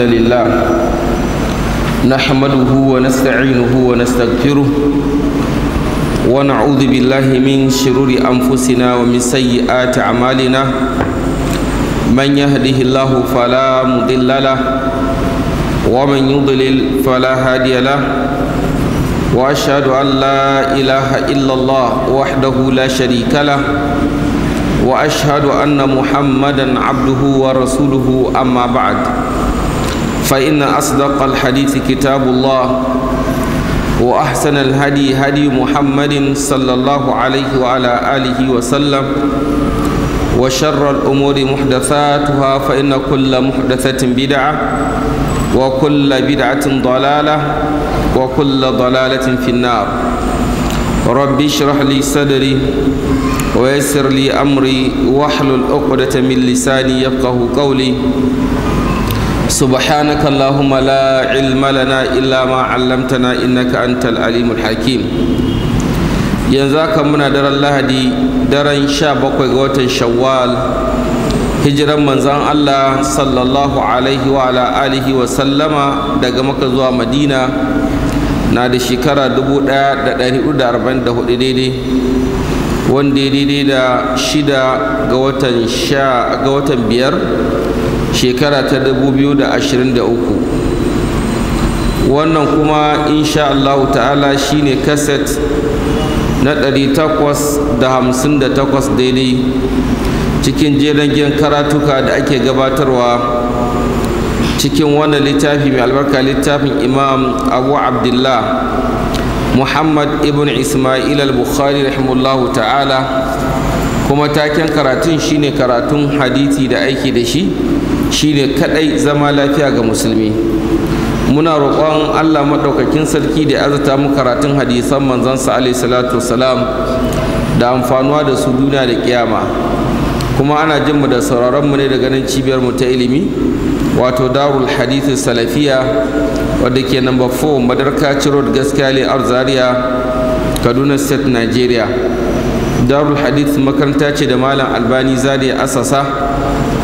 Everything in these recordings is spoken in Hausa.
الحمد لله نحمده ونستعينه ونستغفره ونعوذ بالله من شرور أنفسنا ومن سيئات أعمالنا من يهده الله فلا مضل له ومن يضلل فلا هادي له وأشهد أن لا إله إلا الله وحده لا شريك له واشهد ان محمدا عبده ورسوله اما بعد فإن أصدق الحديث كتاب الله وأحسن الهدي هدي محمد صلى الله عليه وعلى آله وسلم وشر الأمور محدثاتها فإن كل محدثة بدعة وكل بدعة ضلالة وكل ضلالة في النار ربي اشرح لي صدري ويسر لي أمري واحلل عقدة من لساني يفقه قولي سبحانك اللهم لا علم لنا إلا ما علمتنا إنك أنت العليم الحكيم ينزاك من در الله دي درن شابك وغوت شوال hijiran manzan Allah sallallahu alaihi wa alihi wa sallama daga maka zuwa madina na da shekara 1444 daidai wanda daidai da shida ga watan biyar shekara ta 2023 wannan kuma insha Allah ta'ala shine kaset na 858 daidai cikin jiragen karatuka da ake gabatarwa cikin wannan littafi mai albarka littafin imam abu abdullah muhammad ibn ismail al-bukhari ta'ala kuma taken karatun shine karatun hadisi da aiki da shi shine kadai zama lafiya ga musulmi muna roƙon allah maɗaukakin sarki da azata mu karatun hadisan manzansa alaihi salatu wasalam da amfanuwa da su duniya da kiyama kuma ana jin mu da sauraron mu ne daga nan cibiyar mu ta ilimi wato darul hadithu salafiya wadda ke number 4 madarka road gaskiya le arzariya kaduna state nigeria darul hadith makaranta ce da malam albani zaria asasa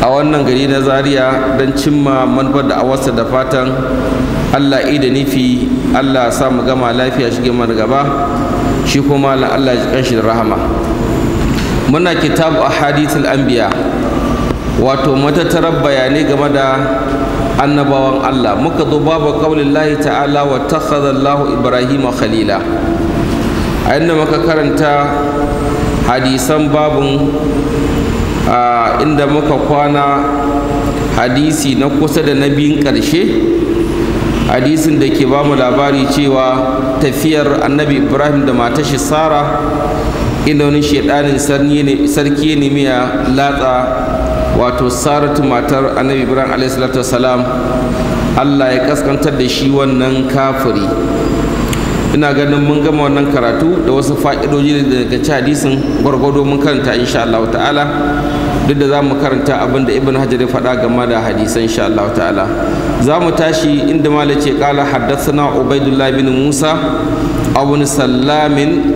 a wannan gari na zaria don cimma manufar da awarsa da fatan allah da nufi allah sa mu gama lafiya shige mana gaba shi kuma allah ji kanshi da rahama muna kitabu a hadithul anbiya wato matattarar bayanai game da annabawan allah muka zo babu kaulillahi ta'ala wa takhadha ibrahima khalila a inda muka karanta hadisan babun inda muka kwana hadisi na kusa da na biyun ƙarshe hadisin da ke bamu labari cewa tafiyar annabi ibrahim da matashi sara inda wani shaidanin sarki ne miya latsa wato saratu matar annabi ibrahim a.s.w. allah ya kaskantar da shi wannan kafiri ina ganin mun gama wannan karatu da wasu fa'idoji daga ci hadisin gwargwado mun karanta insha Allah ta'ala duk da za mu karanta abin da ibn hajar ya faɗa game da hadisan insha Allah ta'ala za mu tashi inda mala ce kala haddathana ubaidullah bin musa abun sallamin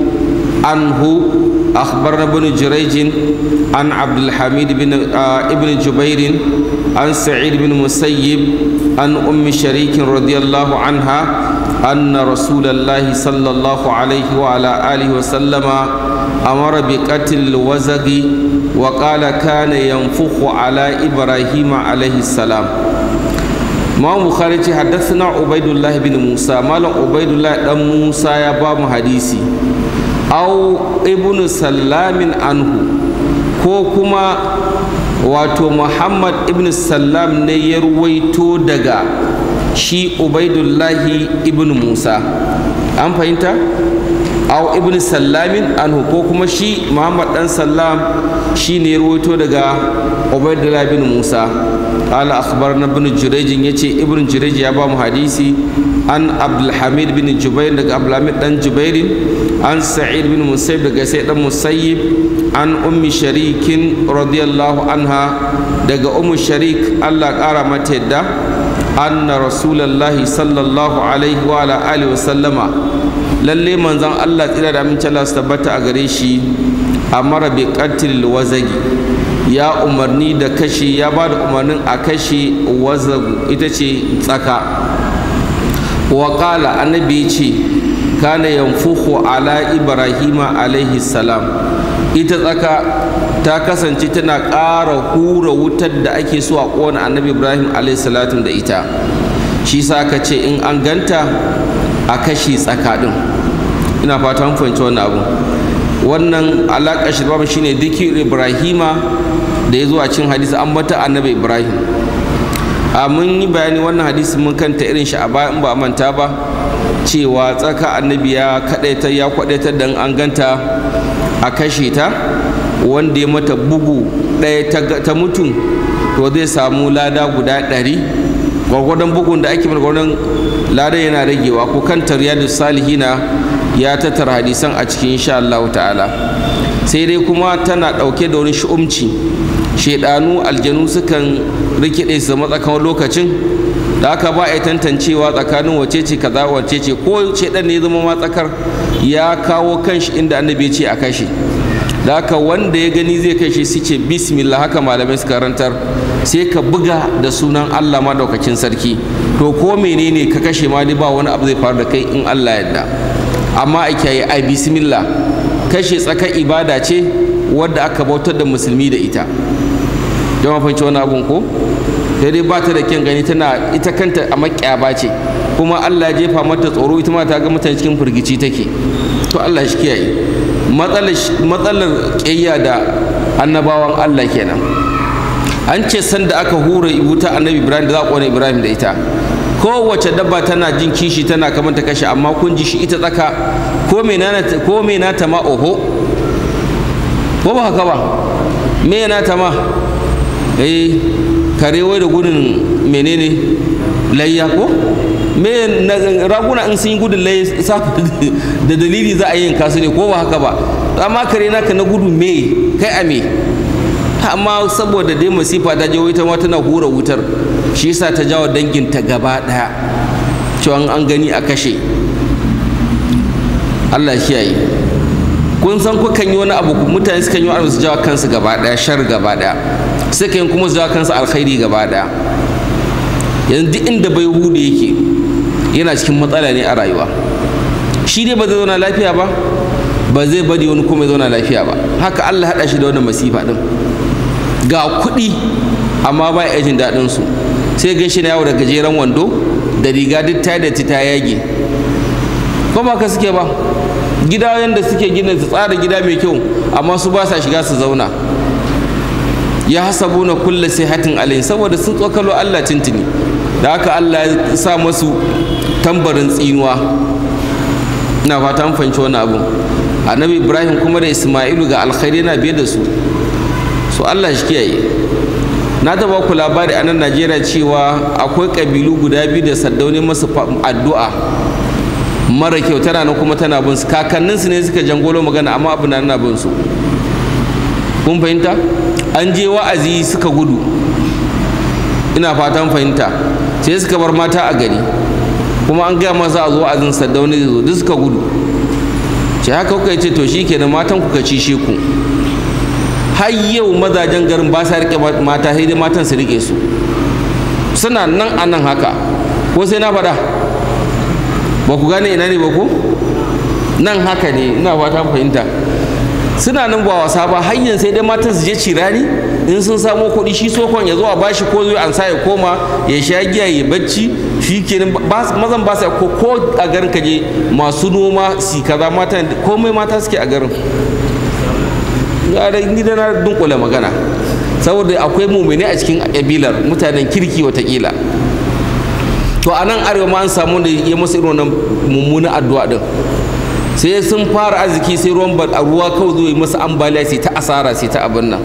anhu أخبرنا ابن جريج عن عبد الحميد بن ابن an عن سعيد بن مسيب عن أم شريك رضي الله أن رسول الله صلى الله عليه وعلى آله وسلم أمر بقتل الوزغ وقال كان ينفخ على إبراهيم عليه السلام ما مخارج حدثنا عبيد الله بن موسى ما عبيد الله بن موسى يا بام حديثي أو ابن سلام عنه كوكما wato muhammad ibn sallam ne ya ruwaito daga shi ubaidullahi ibn musa an fahimta aw ibn sallamin anhu ko kuma shi muhammad dan sallam shi ne rawaito daga ubaidullah Ibn musa qala akhbarna ibn ya ce ibn jurayj ya ba mu hadisi an abdulhamid bin jubair daga abdulhamid dan jubair an sa'id bin musayyib daga sa'id dan musayyib an ummi sharikin radiyallahu anha daga ummu sharik Allah kara mata yadda anna rasulallahi sallallahu alaihi wa wa sallama lalle manzon Allah tsira da aminci Allah su tabbata a gare shi amara bi qatil wazagi ya umarni da kashi ya ba da umarnin a kashi wazagu ita ce tsaka wa qala annabi ce kana yanfuhu ala ibrahima alaihi salam ita tsaka ta kasance tana ƙara hura wutar da ake so a ƙona annabi ibrahim alaihissalatu da ita shi sa ka ce in an ganta a kashi tsakaɗin ina fata an fahimci wannan abu wannan alaƙa shirbama shine dikir ibrahima da ya zuwa cin hadisi an mata annabi ibrahim a mun yi bayani wannan hadisi mun kanta irin shi a baya in ba manta ba cewa tsaka annabi ya kaɗaita ya kwaɗaitar da an ganta a kashe ta wanda ya mata bugu ɗaya ta mutum to zai samu lada guda ɗari gwargwadon bugun da ake gwargwadon lada yana ragewa ko kan tariyadu salihina ya tattara hadisan a cikin insha Allah ta'ala sai dai kuma tana ɗauke da wani shu'umci shaidanu aljanu sukan rikide su zama tsakan lokacin da aka ba a tantancewa tsakanin wace ce kaza wace ce ko shaidan ne ya zama matsakar ya kawo kanshi inda annabi ya ce a kashi da haka wanda ya gani zai kai shi suke bismillah haka malamai suka rantar sai ka buga da sunan Allah madaukakin sarki to ko menene ka kashe ma ba wani abu zai faru da kai in Allah yadda amma a kiyaye ai bismillah kashe tsaka ibada ce wadda aka bautar da musulmi da ita don fahimci wani abun ko daidai ba ta da kyan gani tana ita kanta a makyaba ce kuma Allah ya jefa mata tsoro ita ma ta ga mutane cikin firgici take to Allah shi kiyaye matsalar ƙiyya da annabawan Allah kenan an ce sanda aka hura wuta annabi ibrahim da za a ƙone ibrahim da ita kowace dabba tana jin kishi tana kamar ta kashe amma kun ji shi ita tsaka ko me na ta ma oho ko ba haka ba me na ta ma eh kare wai da gudun menene layya ko me raguna in sun yi gudun layya da dalili za a yi yanka ne ko ba haka ba amma kare naka na gudu me kai a me amma saboda dai masifa ta jawo ita ma tana hura wutar shi yasa ta jawo danginta gaba daya cewa an gani a kashe Allah yayi kun san ku kan yi wani abu mutane sukan yi wani abu su jawo kansu gaba daya shar gaba daya sukan kuma su jawo kansu alkhairi gaba daya yanzu duk inda bai hude yake yana cikin matsala ne a rayuwa shi ne ba zai zauna lafiya ba ba zai bari wani kuma ya zauna lafiya ba haka Allah haɗa shi da wannan masifa ɗin ga kuɗi amma ba ya jin daɗin su sai gaishe na yawo da gajeren wando da riga duk ta da ta yage ba ba ka suke ba gida yanda suke gina su tsara gida mai kyau amma su ba sa shiga su zauna ya hasabu na kulle sai hatin alayhi saboda sun tsokalo Allah tintini da haka Allah ya sa masu tambarin tsinuwa ina fata an fahimci wani abu annabi ibrahim kuma da isma'ilu ga alkhairi na biye da su so Allah shi kiyaye na taba ku labari a nan najeriya cewa akwai kabilu guda biyu da saddaune masu addu'a mara kyau tana nan kuma tana bin su kakanninsu ne suka jangolo magana amma abu na bin su kun fahimta an je wa'azi suka gudu ina fatan fahimta sai suka bar mata a gari kuma an gaya masa a zo wa'azin saddauni zai zo duk suka gudu ce haka kuka ce to shi kenan matan kuka ci shi ku har yau mazajen garin ba sa rike mata sai dai matan su rike su suna nan a nan haka ko sai na faɗa ba ku gane ina ne ba ku nan haka ne ina fata fahimta suna nan ba wasa ba hanyar sai dai matan su je cirani in sun samo kuɗi shi sokon ya zo a bashi ko zai ansa ya koma ya sha giya ya bacci shi kenan mazan ba ko ko a garin ka je masu noma si kaza mata komai mata suke a garin ni da na dunkule magana saboda akwai mumine a cikin kabilar mutanen kirki watakila to a nan arewa ma an samu da ya masa irin wannan mummunan addu'a din sai sun fara arziki sai ruwan ruwa kawai zuwa masu ambaliya sai ta asara sai ta abin nan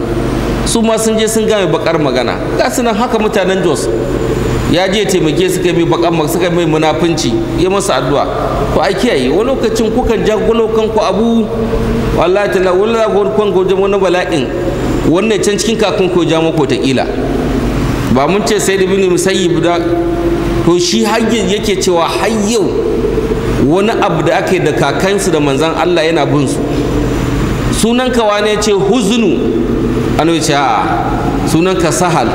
su ma sun je sun gami bakar magana ga su haka mutanen jos ya je taimake suka mai bakar magana suka mai munafunci ya masa addu'a to a kiyaye wani lokacin kukan jagulo kanku abu wallahi tala wallahi gon kon goje wani bala'in wannan can cikin kakun ko ja mako ta kila ba mun ce sai da bin musayyib da to shi har yake cewa har yau wani abu da ake da kakansu da manzan Allah yana bin su sunan ka wane ce huzunu an ce a sunan ka sahal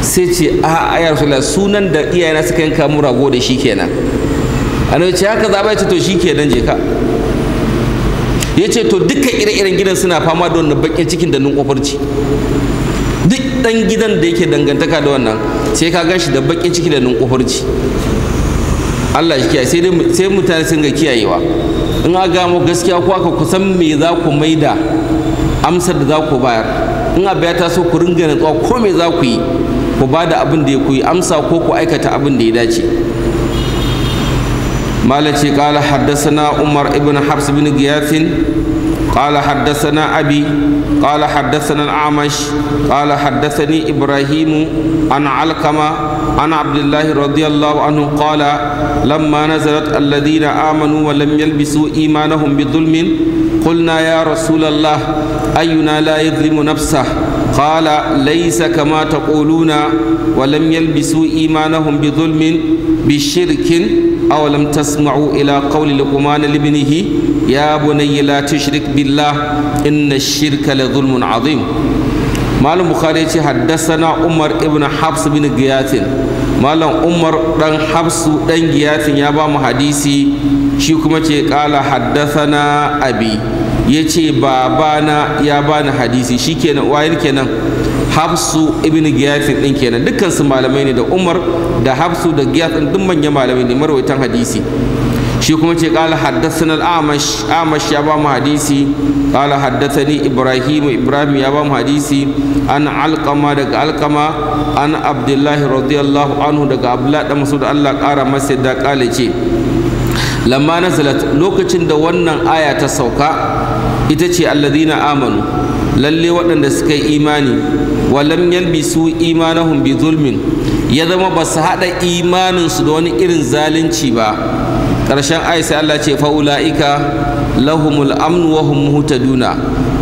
sai ce a ayar rasulullah sunan da iyayena suka yanka mu rago da shi kenan an ce haka zaba ce to shi kenan je ka ya ce to duka ire-iren gidan suna fama da wannan bakin cikin da nunkwafarci duk dan gidan da yake dangantaka da wannan sai ka gan shi da bakin ciki da nunkwafarci Allah shi kiyaye sai sai mutane sun ga kiyayewa in a gamo gaskiya ko aka kusan me za ku maida amsar da za ku bayar in abu ta taso ku ringa natsuwa ko me za ku yi ku ba abin da ya ku amsa ko ku aikata abin da ya dace malaci qala na umar ibn habs bin giyasin قال حدثنا أبي قال حدثنا الأعمش قال حدثني إبراهيم عن علقمة عن عبد الله رضي الله عنه قال لما نزلت الذين آمنوا ولم يلبسوا إيمانهم بظلم قلنا يا رسول الله أينا لا يظلم نفسه قال ليس كما تقولون ولم يلبسوا إيمانهم بظلم بشرك أو لم تسمعوا إلى قول لقمان لابنه ya bunayya la tushrik billah inna shirka la zulmun azim malam bukhari yace haddasana umar ibn habs bin giyatin malam umar dan habsu dan giyatin ya ba hadisi shi kuma ce kala haddasana abi yace babana ya bani hadisi shikenan wayar kenan hafsu ibn giyasin din kenan dukkan su malamai ne da umar da hafsu da giyasin duk manyan malamai ne marwaitan hadisi shi kuma ce qala haddathana al-amash amash ya ba mu hadisi qala haddathani ibrahim ibrahim ya ba mu hadisi an alqama daga alqama an abdullahi radiyallahu anhu daga abdullah da masud Allah kara masa da qala ce lamma nazalat lokacin da wannan aya ta sauka ita ce alladhina amanu lalle waɗanda suka yi imani walam yalbisu imanahum bi zulmin ya zama ba su haɗa imaninsu da wani irin zalunci ba ƙarshen ayi sai Allah ce fa'ula'ika lahumul amnu wa hum muhtaduna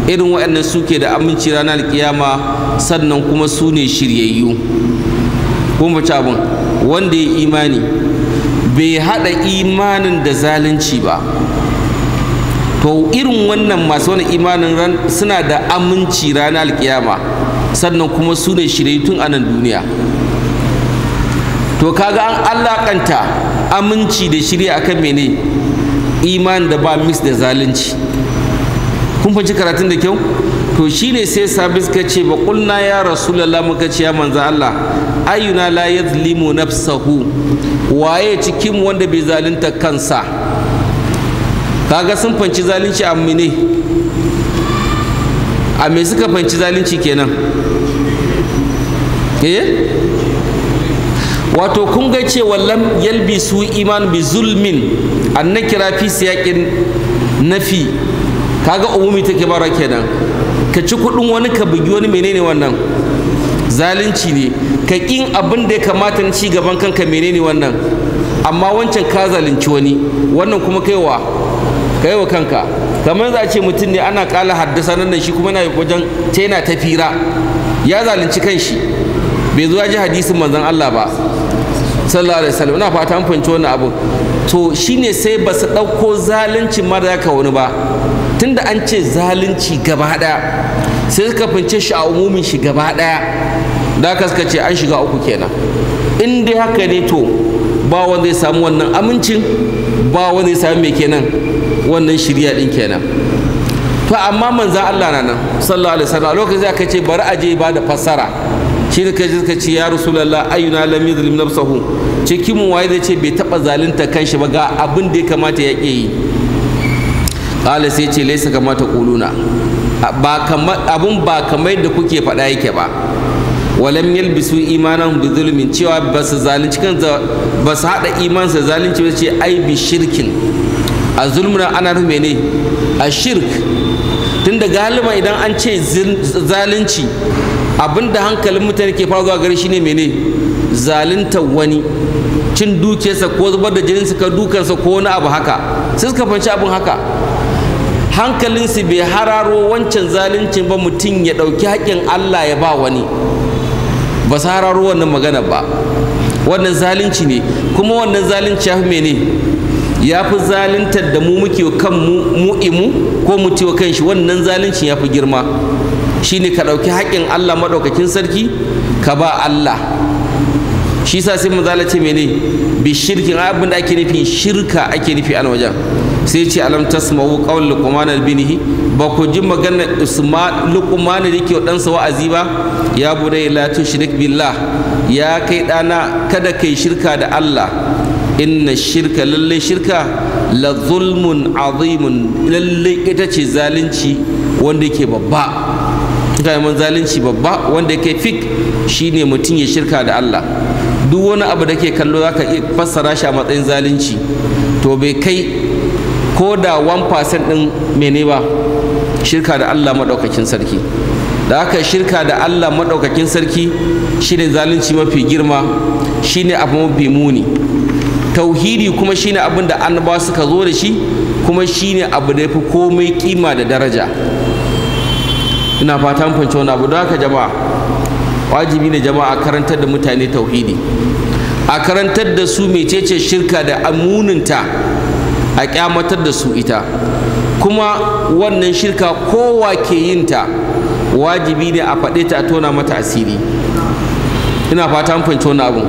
irin waɗannan suke da aminci ranar kiyama sannan kuma su ne shiryayyu kun fahimci abin wanda ya imani bai hada imanin da zalunci ba to irin wannan masu wani imanin ran suna da aminci ranar kiyama sannan kuma su ne shiryayyu tun a nan duniya to kaga an alakanta. aminci da shirya akan mene iman da ba mis da zalunci kun fahimci karatun da kyau to shine sai sabis suka ce ba kulna ya rasulullah muka ce ya manzo Allah ayyuna la na nafsahu waye cikin wanda bai zalunta kansa kaga sun fanci zalunci a ne a me suka fanci zalunci kenan eh wato kun ga cewa lam su iman bi zulmin annakira fi siyaqin nafi kaga umumi take bara kenan ka ci kudin wani ka bugi wani menene wannan zalunci ne ka kin abin da ya kamata na ci gaban kanka menene wannan amma wancan ka zalunci wani wannan kuma kaiwa kaiwa kanka kamar za a ce mutum ne ana kala haddasa nan shi kuma na wajen ta yana tafira ya zalunci kanshi bai zo ya ji hadisin manzon Allah ba sallallahu alaihi wasallam ina fata an fahimci wannan abu to shine sai ba su ɗauko zalunci mara ka wani ba tunda an ce zalunci gaba daya sai suka fince shi a umumin shi gaba daya da ka suka ce an shiga uku kenan in dai haka ne to ba wanda zai samu wannan amincin ba wanda zai samu mai kenan wannan shirya din kenan to amma manzan Allah na nan sallallahu alaihi wasallam lokacin da ka ce bari a je ba da fassara shi ne kaji ce ya rasulallah ayyuna lam yuzlim nafsahu cikin mu waye zai ce bai taba zalunta kanshi ba ga abin da ya kamata ya ke yi qala sai ce laisa kamata quluna ba kamar abun ba kamar da kuke faɗa yake ba walam yalbisu imanan bi zulmin cewa ba su zalunci kan ba su iman su zalunci ba ce ai bi shirkin a zulmuna ana rufe ne a shirk tunda galiba idan an ce zalunci abinda hankalin mutane ke faruwa gari shine mene zalunta wani cin dukiyarsa ko zubar da jininsa ka dukansa ko wani abu haka sai suka fanci abin haka hankalinsu bai hararo wancan zaluncin ba mutum ya ɗauki haƙƙin Allah ya ba wani ba su hararo wannan magana ba wannan zalunci ne kuma wannan zalunci ya fi mene ya fi zaluntar da mu muke kan mu imu ko mu ce wa kanshi wannan zalunci ya fi girma ne ka ɗauki haƙƙin Allah maɗaukakin sarki ka ba Allah shi sa sai manzala ce mene bi shirkin abin da ake nufi shirka ake nufi a wajen sai ce alam tasma'u qawl luqman binihi ba ku ji magana usman luqman da yake ɗansa wa'azi ba ya bude la tushrik billah ya kai ɗana kada kai shirka da Allah inna shirka lalle shirka la zulmun azimun lalle ita ce zalunci wanda yake babba ga mun zalunci babba wanda yake fik shine mutum ya shirka da Allah duk wani abu da ke kallo zaka iya fassara shi a matsayin zalunci to bai kai ko da 1% din mene ba shirka da Allah madaukakin sarki da aka shirka da Allah madaukakin sarki shine zalunci mafi girma shine abu mafi muni tauhidi kuma shine abin da annabawa suka zo da shi kuma shine abu da yafi komai kima da daraja ina fata an fahimci wani abu don haka jama'a wajibi ne jama'a karantar da mutane tauhidi a karantar da su mecece shirka da amuninta a kyamatar da su ita kuma wannan shirka kowa ke yin ta wajibi ne a faɗe ta a tona mata asiri ina fata mun fahimci wani abu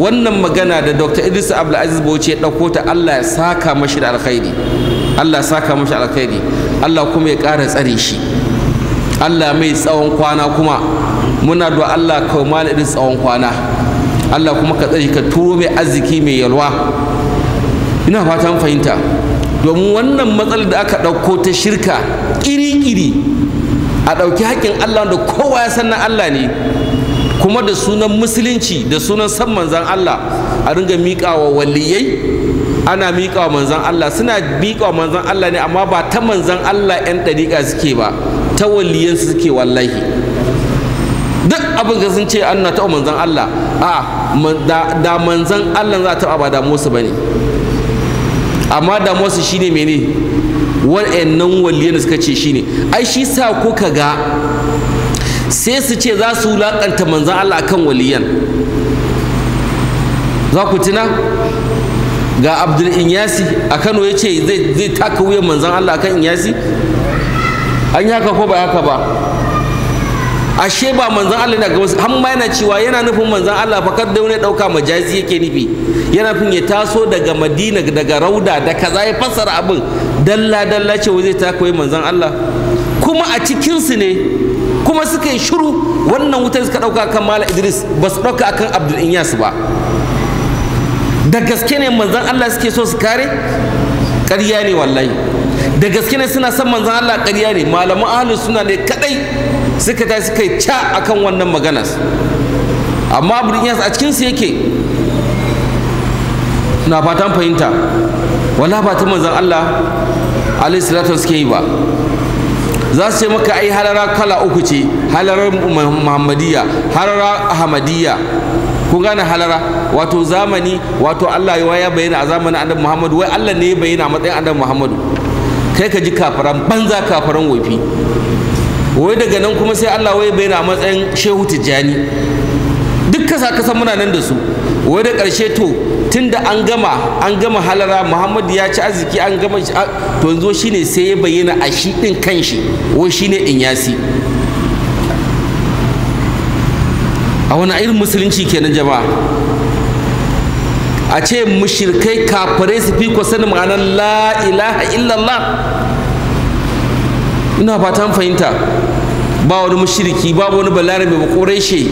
wannan magana da dr idris abdul aziz bauchi ya ɗauko ta allah ya saka mashi da alkhairi allah ya saka mashi alkhairi allah kuma ya ƙara tsare shi Allah mai tsawon kwana kuma muna da Allah kawai mana tsawon kwana Allah kuma ka tsaye ka turo mai arziki mai yalwa ina fatan fahimta domin wannan matsalar da aka ɗauko ta shirka ƙiri-ƙiri a ɗauki haƙƙin Allah da kowa ya san na Allah ne kuma da sunan musulunci da sunan san manzan Allah a ringa wa waliyai ana miƙawa manzan Allah suna miƙawa manzan Allah ne amma ba ta manzan Allah 'yan ɗariƙa suke ba ta waliyansu suke wallahi duk abin da sun ce an na taɓa manzan Allah a da manzan Allah za taɓa ba su ba ne amma damuwarsu shi ne mene wa'annan waliyan da suka ce shi ne ai shi sa ko ka ga sai su ce za su wulaƙanta manzan Allah akan waliyan za ku tuna ga abdul inyasi a kano ya ce zai taka wuyan manzan Allah akan inyasi an yi haka ko ba haka ba ashe ba manzan Allah yana gaba har ma yana cewa yana nufin manzan Allah fa kar wani dauka majazi yake nufi yana nufin ya taso daga Madina daga Rauda da kaza ya fassara abin dalla dalla ce zai ta koyi manzan Allah kuma a cikin su ne kuma suka yi shiru wannan wutar suka dauka kan Malam Idris ba su dauka akan Abdul Inyas ba da gaske ne manzan Allah suke so su kare ƙarya ne wallahi da gaske ne suna son manzan Allah ƙarya ne malaman ahlus suna ne kadai suka ta suka yi ca akan wannan maganar amma abu a cikin su yake na fatan fahimta wala ba ta manzan Allah alayhi salatu suke yi ba za su ce maka ai halara kala uku ce halarar muhammadiyya halara ahmadiyya kun gane halara wato zamani wato Allah ya bayyana a zamanin annabi Muhammadu wai Allah ne ya bayyana a matsayin annabi Muhammadu kai ka ji kafaran banza kafaran wofi wai daga nan kuma sai Allah wai bai na matsayin shehu tijjani duk kasa kasan muna nan da su wai da ƙarshe to tunda an gama an gama halara Muhammadu ya ci arziki an gama to yanzu shine sai ya bayyana a shi din kanshi wai shine yasi a wani irin musulunci kenan jama'a a ce mushirkai kafirai su fi ku sanin ma'anar la ilaha illallah ina fatan fahimta ba wani mushirki ba wani mai ba shi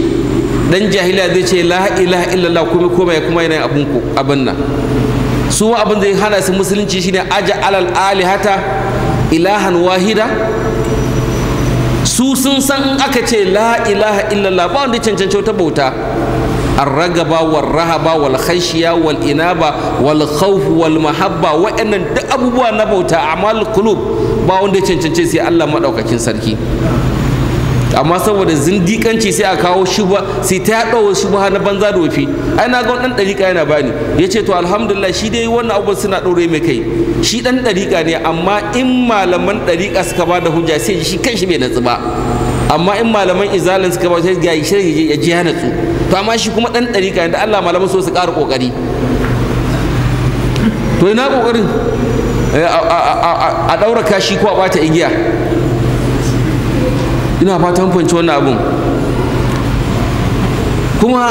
dan jahiliya zai ce la ilaha illallah kuma kuma ya kuma yana abin abin nan su abin da ya hana su musulunci shine aja alal alihata ilahan wahida su sun san in aka ce la ilaha illallah ba wanda cancanci wata bauta ar-ragaba wal rahaba wal khashiya wal inaba wal khawf wal mahabba wa'annan duk abubuwa na bauta amal qulub ba wanda cancance sai Allah madaukakin sarki amma saboda zindikanci sai a kawo shuba sai ta yaɗa wa na banza da wafi ai na ga ɗan ɗariƙa yana bani ya ce to alhamdulillah shi dai wannan abubuwan suna ɗaure mai kai shi ɗan ɗariƙa ne amma in malaman ɗariƙa suka ba da hujja sai shi kanshi bai natsu ba amma in malaman izalin suka ba shi ga shi ya ji ya natsu to amma shi kuma dan dariƙa da Allah malaman so su ƙara kokari to ina kokarin eh, a daura kashi ko a bata igiya ina fatan fahimci wannan abun kuma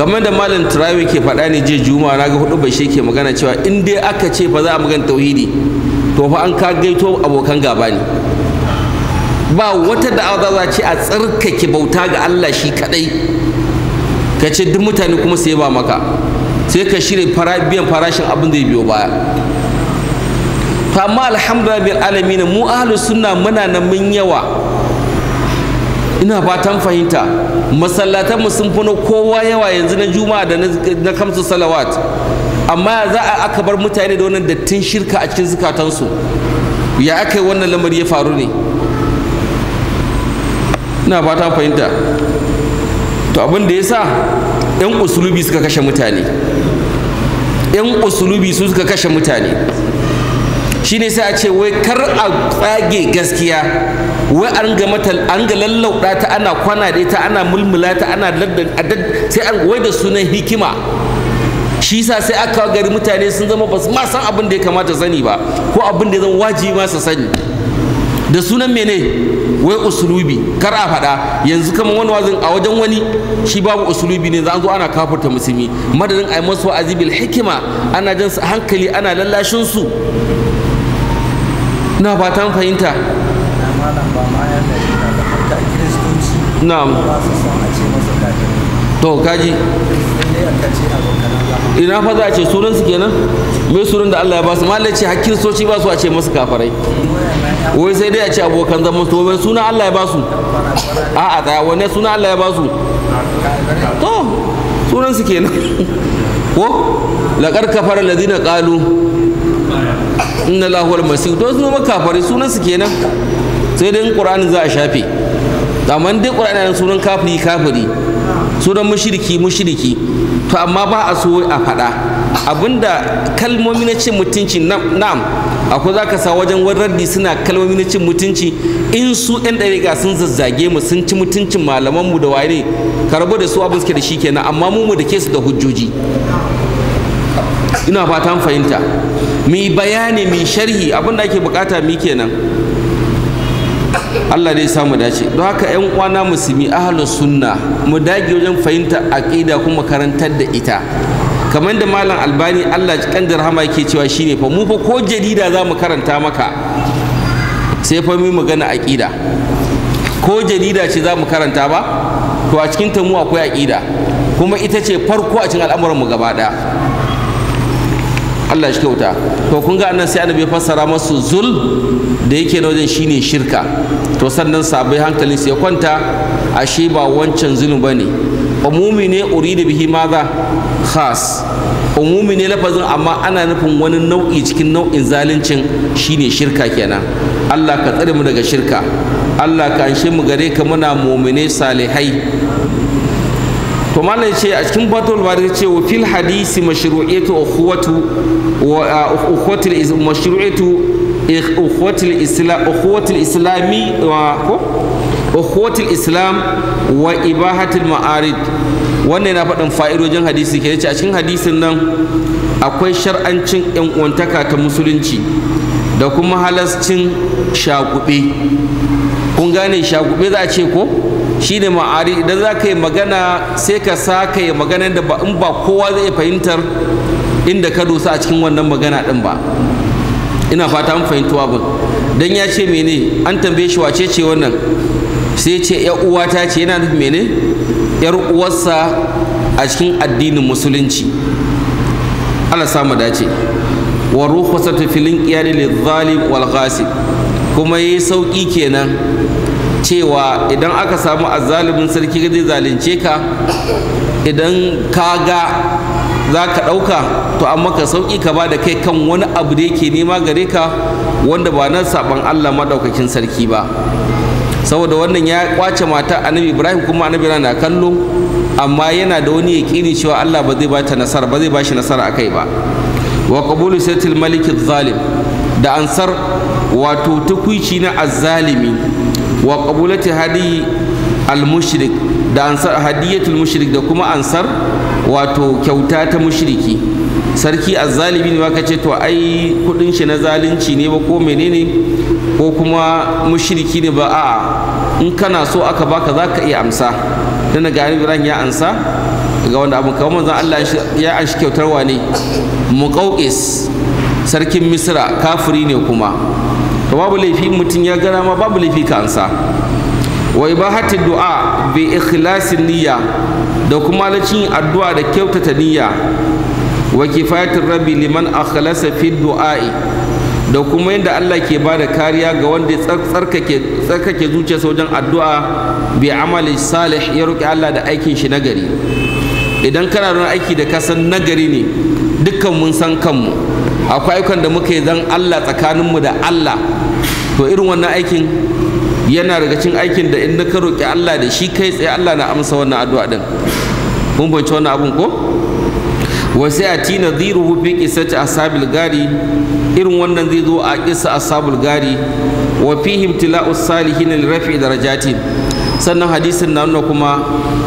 kamar da malam turawi ke faɗa ne je juma'a na ga hudu shi ke magana cewa in dai aka ce fa za a magana tauhidi to fa an ka gaito abokan gaba ne ba wata da za a ce a tsarkake bauta ga Allah shi kadai ka ce duk mutane kuma sai ba maka sai ka shirya biyan farashin abin da ya biyo baya Fa amma alhamdulillah alamin mu ahlus sunna muna nan mun yawa ina fatan fahimta masallatanmu sun fi na kowa yawa yanzu na juma'a da na kamsu salawat amma za a aka bar mutane da wannan dattin shirka a cikin zukatansu ya aka yi wannan lamari ya faru ne ina fata fahimta to abin da ya sa 'yan usulubi suka kashe mutane 'yan usulubi su suka kashe mutane shi ne sai a ce wai kar a tsage gaskiya wai an ga matal an ga lallauɗa ta ana kwana da ita ana mulmula ta ana adad sai an wai da sunan hikima shi sa sai aka gari mutane sun zama ba su ma san abin da ya kamata sani ba ko abin da ya zama wajibi ma su sani da sunan mene wai usulubi kar a faɗa yanzu kamar wani wazin a wajen wani shi babu usulubi ne za a zo ana kafurta musulmi madadin a yi masu wa'azi bil hikima ana jan su hankali ana lallashin su na ba ta fahimta na'am to kaji ina fa za a ce sunan su kenan me sunan da Allah ya ba su malai ce hakkin soci ba su a ce masu kafarai wai sai dai a ce abokan zaman su wai suna Allah ya basu a'a tsaya wani suna Allah ya basu to sunan su kenan ko laƙar kafar alladhina qalu inna lahu al-masih to su makafari sunan su kenan sai dai qur'anin za a shafe amma dai yana sunan kafiri kafiri sunan mushriki mushriki to amma ba a so a faɗa abinda kalmomi na cin mutunci na'am akwai za ka sa wajen raddi suna kalmomi na cin mutunci in su yan ɗariƙa sun zazzage mu sun ci mutuncin malamanmu da waye ka rabu da su abin suke da shi kenan amma mu mu da ke su da hujjoji ina fatan fahimta mu yi bayani mu sharhi abin da ake bukata mu kenan Allah dai samu dace don haka 'yan uwana musulmi ahlus sunna mu dage wajen fahimta aqida kuma karantar da ita kamar da malam albani allah kan rahama yake cewa shine fa mu fa ko jarida za mu karanta maka sai fa mu magana aƙida ko jarida ce za mu karanta ba to a cikin ta mu akwai aƙida kuma ita ce farko a cikin al'amuran mu gaba Allah shi kyauta to kun ga annan sai annabi fassara masu zul da yake na wajen shine shirka to sannan sabai hankalin sai kwanta ashe ba wancan zulun bane umumi ne uridu bihi maza khas umumi ne lafazin amma ana nufin wani nau'i cikin nau'in zaluncin shine shirka kenan Allah ka tsare mu daga shirka Allah ka anshe mu gare ka muna mu'mine salihai to mallan ce a cikin batul bari ce wa fil hadisi mashru'iyatu ukhuwatu wa ukhuwatu mashru'iyatu ukhuwatul islam ukhuwatul islami wa ukhuwatul islam wa ibahatul ma'arid wannan yana faɗin fa'idojin hadisi ke yace a cikin hadisin nan akwai shar'ancin yan uwantaka ta musulunci da kuma halascin shagube kun gane shagube za a ce ko ne ma'ari idan za ka yi magana sai ka sa ka yi magana da ba in ba kowa zai fahimtar inda ka dosa a cikin wannan magana din ba ina fata an fahimtuwa abin dan ya ce mene an tambaye shi wace ce wannan sai ce ya uwata ce yana nufin mene yar uwarsa a cikin addinin musulunci Allah samu dace wa rukhsatu filin qiyadi lidh zalim wal ghasib kuma yi sauki kenan cewa idan aka samu azzalimin sarki zai zalunce ka idan ka ga za ka ɗauka to an maka sauki ka ba da kai kan wani abu da yake nema gare ka wanda ba na saɓan Allah maɗaukakin sarki ba saboda wannan ya kwace mata annabi ibrahim kuma annabi yana na kallo amma yana da wani kini cewa allah ba zai ba ta nasara ba zai ba shi nasara a kai ba wa qabulu satil malik zalim da ansar wato takwici na azzalimi wa qabulati hadi al mushrik da ansar hadiyatul mushrik da kuma ansar wato kyauta ta mushriki sarki azzalimi ne ka ce to ai kudin shi na zalunci ne ba ko menene ko kuma mushriki ne ba a'a in kana so aka baka za ka iya amsa dan ga Ibrahim ya amsa, ga wanda abin kawo manzon Allah ya anshi kyautar ne muqawqis sarkin Misra kafiri ne kuma to babu laifi mutum ya gana ma babu laifi ka ansa wa ibahati du'a bi ikhlasin niyya da kuma lacin addu'a da kyautata niyya wa kifayatir rabbi liman akhlasa fi du'a'i da kuma yadda Allah ke ba da kariya ga wanda tsarkake zuciyarsa wajen addu'a bi amali salih ya roƙi Allah da aikin shi nagari idan kana da aiki da kasan nagari ne dukkan mun san kanmu akwai aikon da muka yi zan Allah tsakaninmu da Allah to irin wannan aikin yana daga cin aikin da in ka roƙi Allah da shi kai tsaye Allah na amsa wannan addu'a din mun bance wannan abun ko wasu a ziru nadhiruhu fi a ashabil gari irin wannan zai zo a kisa asabul gari wa salihi imtila'u salihin lirafi da rajati sannan hadisin na nuna kuma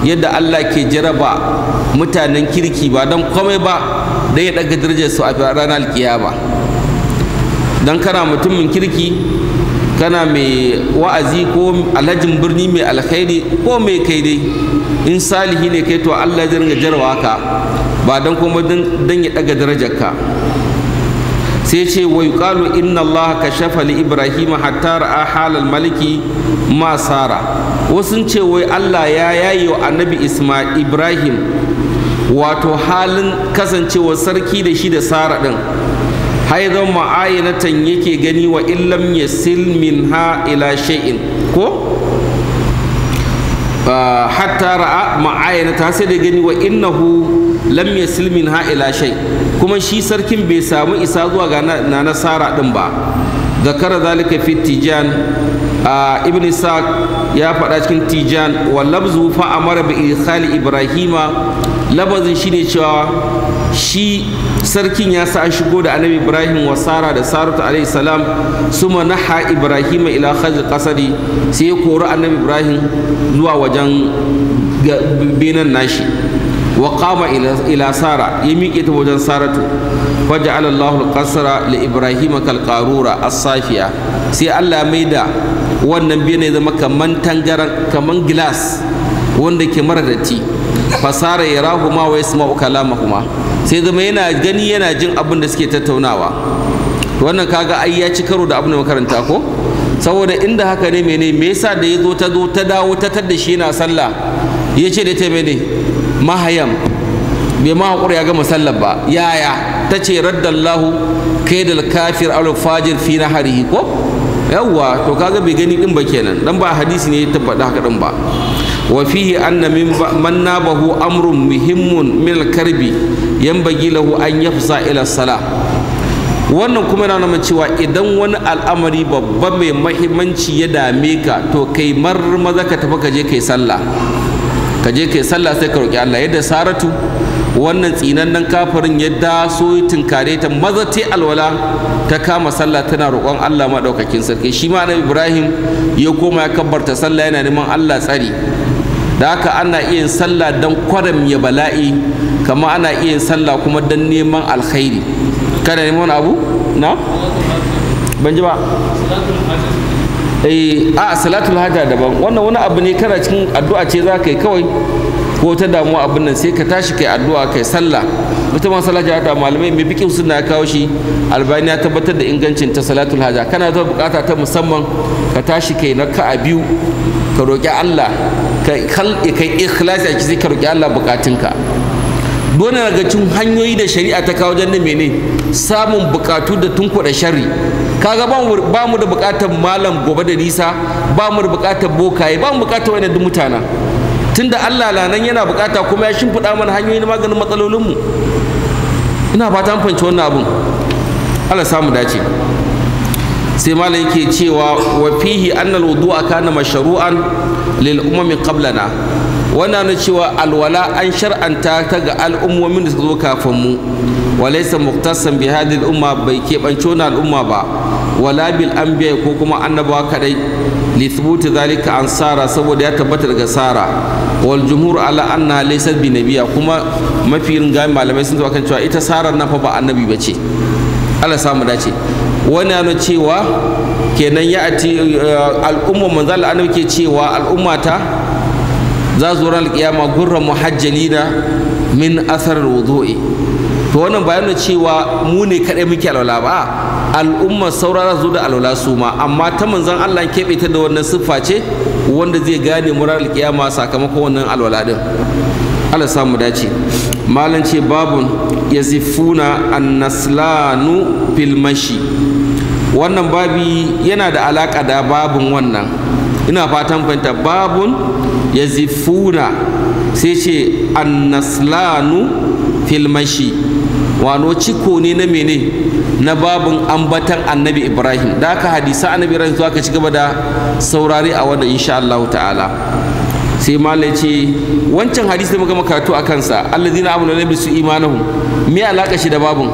yadda Allah ke jaraba mutanen kirki ba don komai ba don ya daga darajar su a ranar alkiyama don kana mutumin kirki kana mai wa'azi ko alhajin birni mai alkhairi ko mai kai dai in salihi ne kai to Allah zai ringa jarwa ka ba don kuma don ya daga ka. sai ce wa kalu inna Allah kashafa li Ibrahim hatta ra'a halal maliki ma sara wasu ce wai Allah ya yayi wa annabi Isma Ibrahim wato halin kasancewa sarki da shi da sara ɗin haizan ma'ayinatan yake gani wa illam silmin ha ila shay'in ko hatta ra'a ma'ayana ta sai da gani wa innahu lam yasil ha ila shay kuma shi sarkin bai samu isa zuwa ga na nasara din ba zakara zalika fi tijan ibn isaq ya faɗa cikin tijan wa labzu fa amara bi ikhali ibrahima labazin shine cewa shi sarkin ya sa an shigo da annabi ibrahim wa sara da saratu alaihi salam suma naha ibrahim ila khajr sai ya kori annabi ibrahim zuwa wajen benan nashi wa qama ila sara ya miƙe ta wajen saratu faja'ala Allahu al-qasra li ibrahim kal qarura safiya sai Allah ya maida wannan bene zama kaman tangaran kaman gilas wanda ke mara datti fasara yarahu ma wa yasma'u kalamahuma sai zama yana gani yana jin abin da suke tattaunawa wannan kaga ai ya ci karo da abin da makaranta ko saboda inda haka ne mene me yasa da ya zo ta zo ta dawo ta tadda shi yana sallah ya ce da ta mene mahayam bai ma hakuri ya gama sallar ba yaya ta ce raddallahu kaidal kafir al fajir fi naharihi ko yawwa to kaga bai gani din ba kenan dan ba hadisi ne ya tabbata haka din ba wa fihi anna min man nabahu amrun muhimmun min karbi yanbaghi lahu an yafza ila sala wannan kuma yana nuna cewa idan wani al'amari babba mai mahimmanci ya dame ka to kai mar maza ka tafi ka je kai sallah ka je kai sallah sai ka roki Allah yadda Saratu wannan tsinannen kafirin ya daso ya tinkare ta maza ta alwala ta kama sallah tana roƙon Allah madaukakin sarki shi ma Ibrahim ya koma ya kabbarta sallah yana neman Allah tsari da haka ana iya yin sallah don kwaram ya bala'i kama ana iya sallah kuma don neman alkhairi kada neman abu na ban ji ba eh, a salatul hajja daban wannan wani abu ne kana cikin addu'a ce za ka yi kawai ko ta damuwa abin nan sai ka tashi kai addu'a kai sallah ita ma sallah malamai mai bikin sunna ya kawo shi albani ya tabbatar da ingancin ta salatul haja kana zuwa bukata ta musamman ka tashi kai na ka'a biyu ka roki Allah kai ikhlasi a cikin ka Allah bukatunka dole daga cikin hanyoyi da shari'a ta kawo wajen mene samun bukatu da tunkuɗa shari kaga ba mu da bukatar malam gobe da nisa ba mu da bukatar bokaye ba mu bukatar wani mutana tunda Allah lanan yana bukata kuma ya shimfiɗa mana hanyoyi na maganin matsalolinmu ina fata an fahimci wannan abun Allah samu dace sai malam yake cewa wa fihi annal a kana mashru'an lil umami qablana wannan na cewa alwala an shar'anta ta ga al'ummomin da suka zo kafin mu walaysa muqtasan bi hadhihi al'umma bai keɓance na al'umma ba wala bil anbiya ko kuma annabawa kadai li thubuti dhalika an sara saboda ya tabbata daga sara wal jumhur ala anna laysa bi nabiyya kuma mafi ringa malamai sun zo kan cewa ita sarar na fa ba annabi bace Allah samu dace wani yana cewa kenan ya ati eh, al'umma manzo Allah ke cewa al'ummata za su ran alƙiyama gurra muhajjalina min asar wudu'i to wannan bayan cewa mu ne kaɗai muke alwala ba al'umma saura za su da alwala su ma amma ta manzon Allah keɓe ta da wannan siffa ce wanda zai gane murar alƙiyama sakamakon wannan alwala din Allah samu dace malam ce babun yazifuna annaslanu fil wannan babi yana da alaƙa da babun wannan ina fatan fahimta babun ya zifuna sai ce annaslanu filmashi wano ciko ne na mene na babun ambatan annabi ibrahim da aka hadisa annabi ibrahim zuwa ka ci gaba da saurari a wannan insha Allah ta'ala sai malai ce wancan hadisi da muka makatu a kansa allazina amanu nabi su imanahum me alaka shi da babun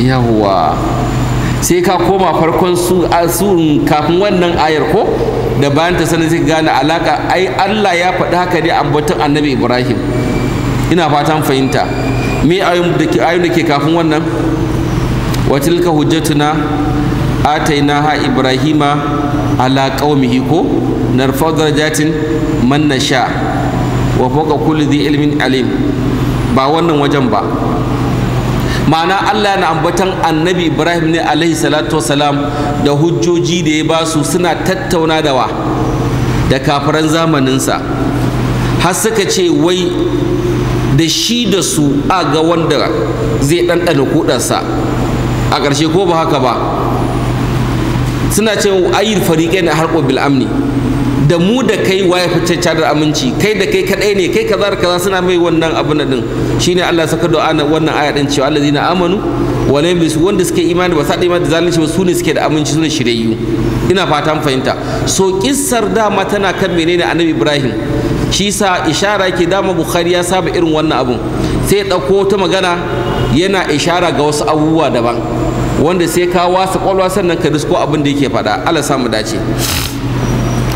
yawwa sai ka koma farkon su kafin wannan ayar ko da bayan ta sanin zai gane alaka ai Allah ya faɗi haka ne batun annabi Ibrahim ina fatan fahimta me ayun da ke ayun da ke kafin wannan wa tilka hujjatuna atainaha ibrahima ala qaumihi ko narfa'u darajatin man nasha wa fawqa kulli dhi ilmin alim ba wannan wajen ba ma'ana Allah na ambatan annabi Ibrahim ne alaihi salatu wasalam da hujjoji da ya basu suna tattauna da wa da kafiran zamaninsa har suka ce wai da shi da su a ga wanda zai ɗanɗana kuɗarsa a ƙarshe ko ba haka ba suna ce ayyul fariƙe na harko bil amni da mu da kai waye fice cadar aminci kai da kai kadai ne kai kaza kaza suna mai wannan abu na din shine Allah saka do'a wannan aya din cewa allazina amanu wa lam wanda suke imani ba sa da imani da zalunci ba su ne suke da aminci su ne shirayyu ina fatan fahimta so kissar dama tana kan menene annabi Ibrahim shi sa ishara ke dama Bukhari ya saba irin wannan abun sai ya dauko ta magana yana ishara ga wasu abubuwa daban wanda sai ka wasa kwalwa sannan ka risko abin da yake faɗa Allah samu dace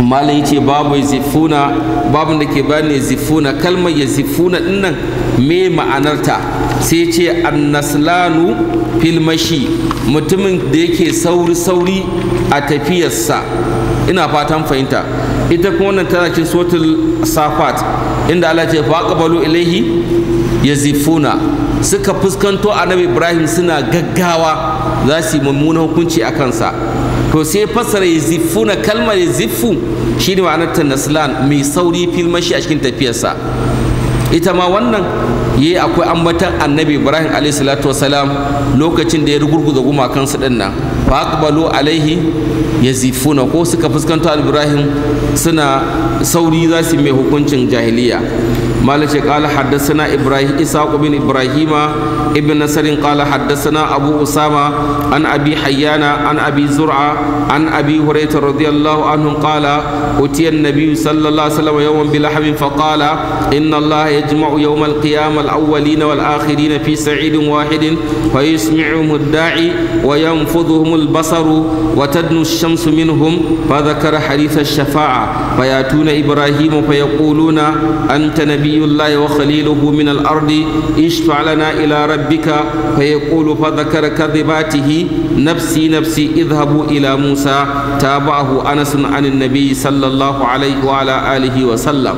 malin yace babu zifuna babu da ke bani zifuna kalmar ya zifuna dinnan me ma'anarta sai ce annaslanu filmashi mutumin da yake sauri sauri a tafiyarsa ina fatan fahimta ita kuma wannan tana cikin suratul safat inda Allah ce faqabalu ilaihi yazifuna suka fuskanto annabi Ibrahim suna gaggawa za su yi mummunan hukunci a kansa to sai fassara na kalmar ya shi shine ma'anar naslan mai sauri filmashi a cikin tafiyarsa ita ma wannan yi akwai ambatan annabi ibrahim alaihi salatu wasalam lokacin da ya rugurguza gumakan su nan fa aqbalu alaihi yazifuna ko suka fuskanta ibrahim suna sauri za su mai hukuncin jahiliya malam shi qala haddathana ibrahim isaq bin ibrahima ibn nasarin qala haddathana abu usama an abi hayyana an abi zur'a an abi hurairah radiyallahu anhu qala utiya an-nabiy sallallahu alaihi wasallam yawman bilahmin faqala inna allaha yajma'u yawm al-qiyamah والأولين والآخرين في سعيد واحد فيسمعهم الداعي وينفضهم البصر وتدنو الشمس منهم فذكر حديث الشفاعة فيأتون إبراهيم فيقولون أنت نبي الله وخليله من الأرض اشفع لنا إلى ربك فيقول فذكر كذباته نفسي نفسي اذهبوا إلى موسى تابعه أنس عن النبي صلى الله عليه وعلى آله وسلم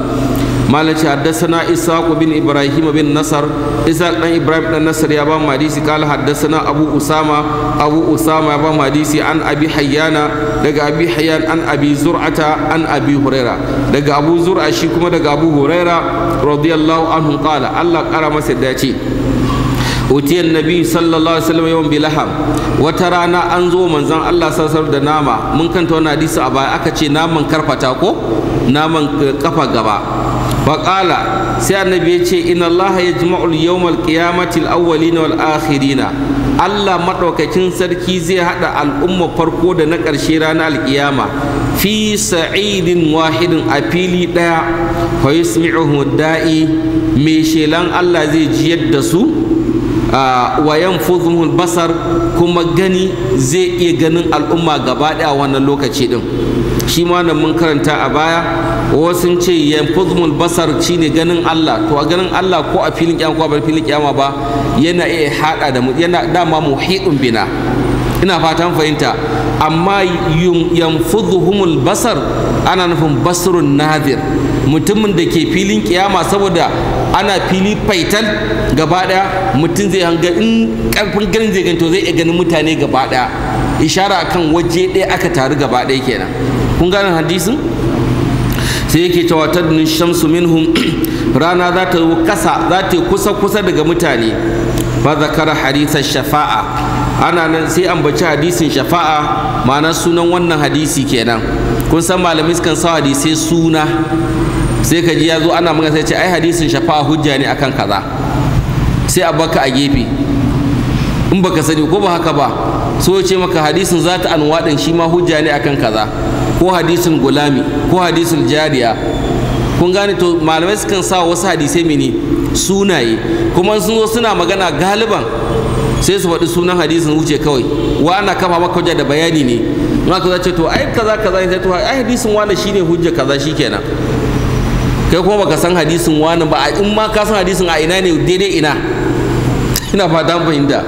malam ce haddasana isaq bin ibrahim bin nasar isaq dan ibrahim dan nasar ya ba mu hadisi kala haddasana abu usama abu usama ya ba mu hadisi an abi hayyana daga abi hayyan an abi zur'ata an abi huraira daga abu zur'a shi kuma daga abu huraira radiyallahu anhu kala. Allah kara masa dace أتي النبي صلى الله عليه وسلم يوم بلحم وترانا أنزو من زن الله سرسر دناما من كنت وانا ديس أبا أكتشي نام من كرفتاكو نام من كفا faƙala sai annabi ya ce inna allaha ya jima'ul yawmal qiyamati awwalina wal akhirina Allah maɗaukakin sarki zai haɗa al'umma farko da na ƙarshe ranar alƙiyama fi sa'idin wahidin a fili ɗaya fa yusmi'uhu da'i mai shelan Allah zai jiyar da su wa yanfudhuhu basar kuma gani zai iya ganin al'umma gaba ɗaya wannan lokaci din shi ma nan mun karanta a baya wasu ce yanfuzmul basar shine ganin Allah to a ganin Allah ko a filin kiyama ko a filin kiyama ba yana iya hada da mu yana dama muhidun bina ina fatan fahimta amma yanfuzhumul basar ana nufin basrun nadir mutumin da ke filin kiyama saboda ana fili faitan gaba daya mutum zai hanga in karfin ganin zai ganto zai iya ganin mutane gaba daya ishara akan waje ɗaya aka taru gaba ɗaya kenan kun gane hadisin sai yake cewa tadnin shamsu minhum rana za ta yi kasa za ta yi kusa kusa daga mutane ba zakara hadisan shafa'a ana nan sai ambaci hadisin shafa'a ma'ana sunan wannan hadisi kenan kun san malamai sukan sa hadisai suna sai ka ji ya zo ana magana sai ce ai hadisin shafa'a hujja ne akan kaza sai a baka a gefe in baka sani ko ba haka ba so ce maka hadisin zata anwaɗin shi ma hujja ne akan kaza ko hadisin gulami ko hadisin jariya kun gane to malamai sukan sa wasu hadisai mini sunaye kuma sun zo suna magana galiban sai su faɗi sunan hadisin wuce kawai wa ana kafa maka hujja da bayani ne ma ka zace to ai kaza kaza ne to ai hadisin wani shine hujja kaza shikenan kai kuma baka san hadisin wani ba in ma ka san hadisin a ina ne daidai ina ina fata fahimta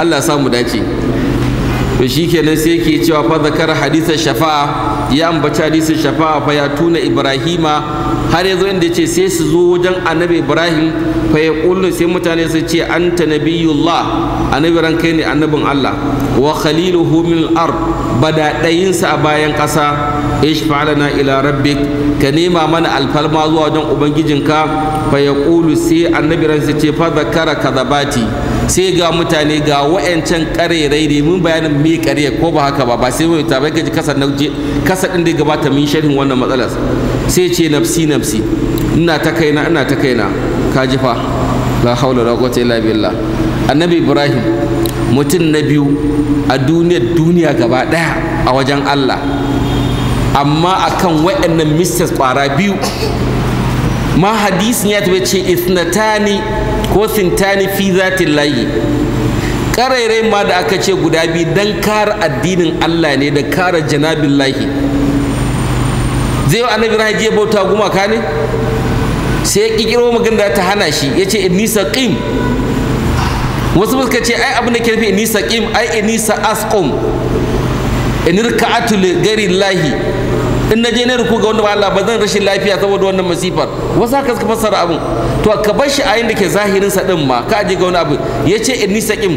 Allah ya samu dace to shi kenan sai ke cewa fa zakara hadisa shafa'a ya ambaci hadisin shafa'a fa ya tuna ibrahima har yazo inda ce sai su zo wajen annabi ibrahim fa ya kullu sai mutane su ce anta nabiyullah annabi ran kai ne annabin allah wa khaliluhu min al bada dayinsa a bayan kasa ishfa'alana ila rabbik ka nema mana alfalma zuwa wajen ubangijinka fa ya kulu sai annabi ran su ce fa zakara kadabati sai ga mutane ga wa'ancan karerai ne mun bayanin me kare ko ba haka ba ba sai mai ta bai kaji kasar na kasar din da gabata mun sharhin wannan matsalar sai ce nafsi nafsi ina ta kaina ina ta kaina ka ji fa la haula la quwwata illa billah annabi ibrahim mutum na biyu a duniyar duniya gaba daya a wajen Allah amma akan wa'annan mistress kwara biyu ma hadisin ya tabbace ce ko sintani fi zatin layi ƙarairayin ma da aka ce guda biyu don kara addinin Allah ne da kara janabin lahi zai yi annabi rahi je bauta gumaka ne sai ya ƙiƙiro magana ta hana shi ya ce nisa ƙim wasu suka ce ai abin da ke nufi nisa ƙim ai nisa sa'asqum in rika'atu li gari lahi in na je na ruku ga wanda ba Allah ba zan rashin lafiya saboda wannan masifar wasu haka suka fassara abin to ka bar shi a yanda ke zahirin sa din ma ka je ga wani abu yace inni saqim